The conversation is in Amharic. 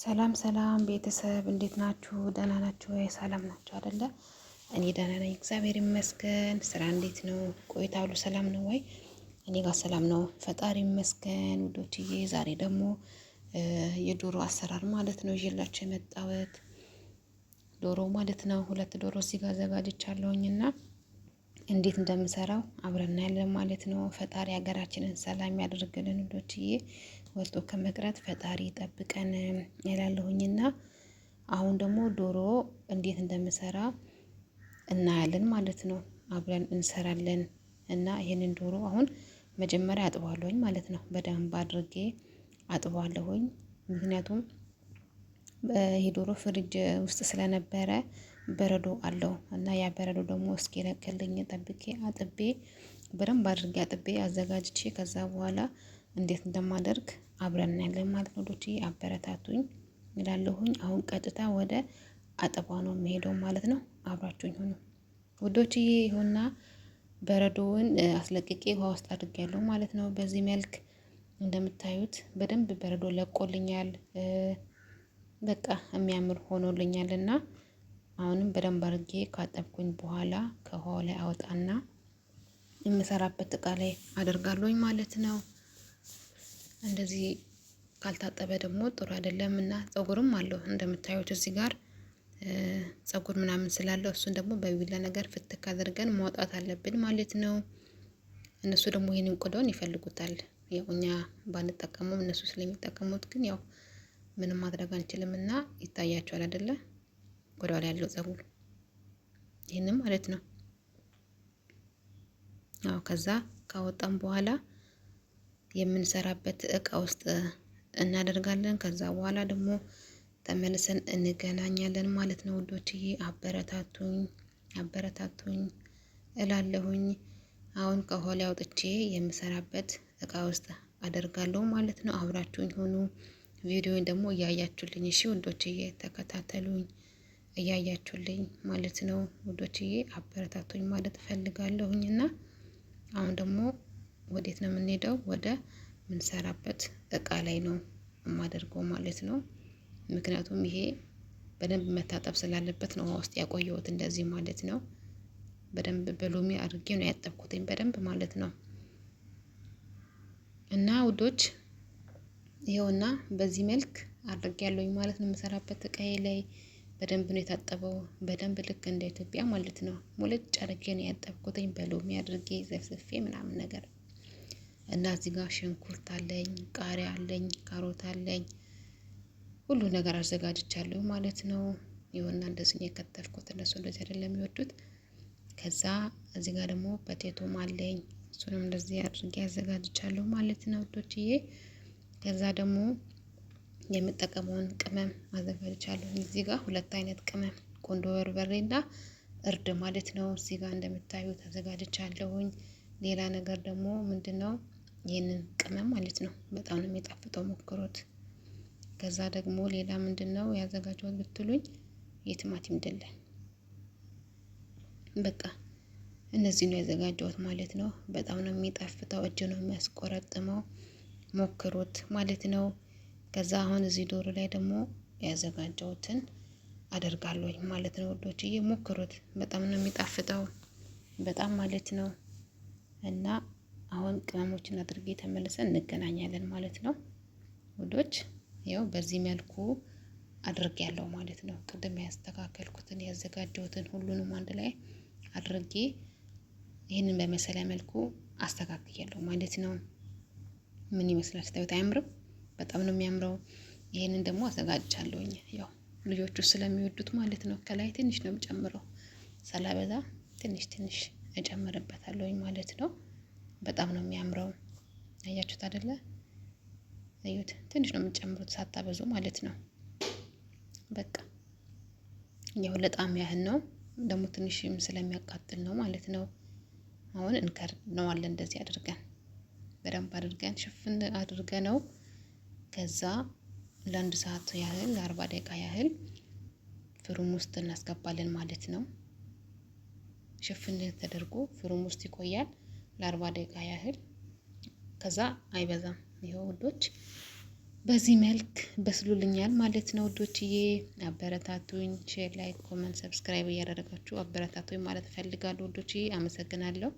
ሰላም ሰላም ቤተሰብ እንዴት ናችሁ? ደህና ናችሁ ወይ? ሰላም ናችሁ አይደለ? እኔ ደህና ነኝ፣ እግዚአብሔር ይመስገን። ስራ እንዴት ነው? ቆይታ ሁሉ ሰላም ነው ወይ? እኔ ጋር ሰላም ነው፣ ፈጣሪ ይመስገን ውዶችዬ። ዛሬ ደግሞ የዶሮ አሰራር ማለት ነው ይዤላችሁ የመጣሁት ዶሮ ማለት ነው። ሁለት ዶሮ እዚህ አዘጋጅቻለሁኝ እና እንዴት እንደምሰራው አብረን እናያለን ማለት ነው። ፈጣሪ ሀገራችንን ሰላም ያደርግልን። ውዶችዬ ወጥቶ ከመቅረት ፈጣሪ ጠብቀን ያላለሁኝና አሁን ደግሞ ዶሮ እንዴት እንደምሰራ እናያለን ማለት ነው። አብረን እንሰራለን እና ይህንን ዶሮ አሁን መጀመሪያ አጥቧለሁኝ ማለት ነው። በደንብ አድርጌ አጥቧለሁኝ ምክንያቱም ይህ ዶሮ ፍሪጅ ውስጥ ስለነበረ በረዶ አለው እና ያ በረዶ ደግሞ እስኪለቅልኝ ጠብቄ አጥቤ በደንብ አድርጌ አጥቤ አዘጋጅቼ ከዛ በኋላ እንዴት እንደማደርግ አብረን እናያለን ማለት ነው። ዶች አበረታቱኝ እላለሁኝ። አሁን ቀጥታ ወደ አጥባ ነው የሚሄደው ማለት ነው። አብራችሁኝ ሁኑ ውዶችዬ። ይሁና በረዶውን አስለቅቄ ውሃ ውስጥ አድርጌያለሁ ማለት ነው። በዚህ መልክ እንደምታዩት በደንብ በረዶ ለቆልኛል። በቃ የሚያምር ሆኖልኛል እና አሁንም በደንብ አርጌ ካጠብኩኝ በኋላ ከውሃው ላይ አወጣና የምሰራበት እቃ ላይ አደርጋለሁኝ ማለት ነው። እንደዚህ ካልታጠበ ደግሞ ጥሩ አይደለም እና ፀጉርም አለው እንደምታዩት እዚህ ጋር ፀጉር ምናምን ስላለው እሱን ደግሞ በቢላ ነገር ፍትክ አድርገን ማውጣት አለብን ማለት ነው። እነሱ ደግሞ ይህንን ቆዳውን ይፈልጉታል። ያው እኛ ባንጠቀመውም እነሱ ስለሚጠቀሙት ግን ያው ምንም ማድረግ አንችልም እና ይታያቸዋል አይደለም። ቆዳው ላይ ያለው ጸጉር ይህንም ማለት ነው። አዎ ከዛ ካወጣም በኋላ የምንሰራበት እቃ ውስጥ እናደርጋለን። ከዛ በኋላ ደግሞ ተመልሰን እንገናኛለን ማለት ነው ውዶችዬ። አበረታቱኝ አበረታቱኝ እላለሁኝ። አሁን ከሆላ አውጥቼ የምሰራበት እቃ ውስጥ አደርጋለሁ ማለት ነው። አብራችሁኝ ሆኑ። ቪዲዮን ደግሞ እያያችሁልኝ እሺ ውዶችዬ፣ ተከታተሉኝ። እያያችሁልኝ ማለት ነው ውዶችዬ፣ አበረታቶኝ ማለት እፈልጋለሁኝ እና አሁን ደግሞ ወዴት ነው የምንሄደው? ወደ ምንሰራበት እቃ ላይ ነው የማደርገው ማለት ነው። ምክንያቱም ይሄ በደንብ መታጠብ ስላለበት ነው ውስጥ ያቆየሁት እንደዚህ ማለት ነው። በደንብ በሎሚ አድርጌ ነው ያጠብኩትኝ በደንብ ማለት ነው። እና ውዶች ይኸውና በዚህ መልክ አድርጌ ያለሁኝ ማለት ነው የምሰራበት እቃዬ ላይ በደንብ ነው የታጠበው በደንብ ልክ እንደ ኢትዮጵያ ማለት ነው። ሙልጭ አድርጌ ነው ያጠብኩትኝ በሎሚ አድርጌ ዘፍዝፌ ምናምን ነገር እና እዚህ ጋር ሽንኩርት አለኝ ቃሪያ አለኝ ካሮት አለኝ ሁሉ ነገር አዘጋጅቻለሁ ማለት ነው። ይሁንና እንደዚህ ነው የከተፍኩት እነሱ እንደዚህ አይደለም የሚወዱት። ከዛ እዚህ ጋር ደግሞ በቴቶም አለኝ እሱንም እንደዚህ አድርጌ አዘጋጅቻለሁ ማለት ነው ውዶችዬ። ከዛ ደግሞ የምጠቀመውን ቅመም አዘጋጅቻለሁ። እዚህ ጋር ሁለት አይነት ቅመም በርበሬ በርበሬና እርድ ማለት ነው። እዚህ ጋር እንደምታዩት አዘጋጅቻለሁኝ። ሌላ ነገር ደግሞ ምንድነው ይህንን ቅመም ማለት ነው። በጣም ነው የሚጣፍጠው ሞክሮት ከዛ ደግሞ ሌላ ምንድነው ያዘጋጀሁት ብትሉኝ የቲማቲም ድልህ በቃ እነዚህ ነው ያዘጋጀሁት ማለት ነው። በጣም ነው የሚጣፍጠው። እጅ ነው የሚያስቆረጥመው ሞክሮት ማለት ነው። ከዛ አሁን እዚህ ዶሮ ላይ ደግሞ ያዘጋጀሁትን አደርጋለሁኝ ማለት ነው ወዶች እየሞክሩት በጣም ነው የሚጣፍጠው በጣም ማለት ነው። እና አሁን ቅመሞችን አድርጌ ተመልሰን እንገናኛለን ማለት ነው ውዶች። ያው በዚህ መልኩ አድርጌ ያለው ማለት ነው። ቅድም ያስተካከልኩትን ያዘጋጀሁትን ሁሉንም አንድ ላይ አድርጌ ይህንን በመሰለ መልኩ አስተካክያለሁ ማለት ነው። ምን ይመስላል ስታዩት? አያምርም? በጣም ነው የሚያምረው። ይሄንን ደግሞ አዘጋጅቻለሁኝ ያው ልጆቹ ስለሚወዱት ማለት ነው። ከላይ ትንሽ ነው የምጨምረው፣ ሳላበዛ ትንሽ ትንሽ እጨምርበታለሁኝ ማለት ነው። በጣም ነው የሚያምረው። አያችሁት አይደለ? እዩት። ትንሽ ነው የምጨምሩት ሳታበዙ ማለት ነው። በቃ ያው ለጣም ያህል ነው ደግሞ ትንሽም ስለሚያቃጥል ነው ማለት ነው። አሁን እንከርነዋለን እንደዚህ አድርገን በደንብ አድርገን ሽፍን አድርገ ነው ከዛ ለአንድ ሰዓት ያህል ለአርባ ደቂቃ ያህል ፍሩም ውስጥ እናስገባለን ማለት ነው። ሽፍን ተደርጎ ፍሩም ውስጥ ይቆያል ለአርባ ደቂቃ ያህል ከዛ አይበዛም። ይኸው ውዶች በዚህ መልክ በስሉልኛል ማለት ነው ውዶችዬ። አበረታቱኝ፣ ሼር፣ ላይክ፣ ኮመንት፣ ሰብስክራይብ እያደረጋችሁ አበረታቱኝ ማለት ፈልጋለሁ። ውዶችዬ። አመሰግናለሁ።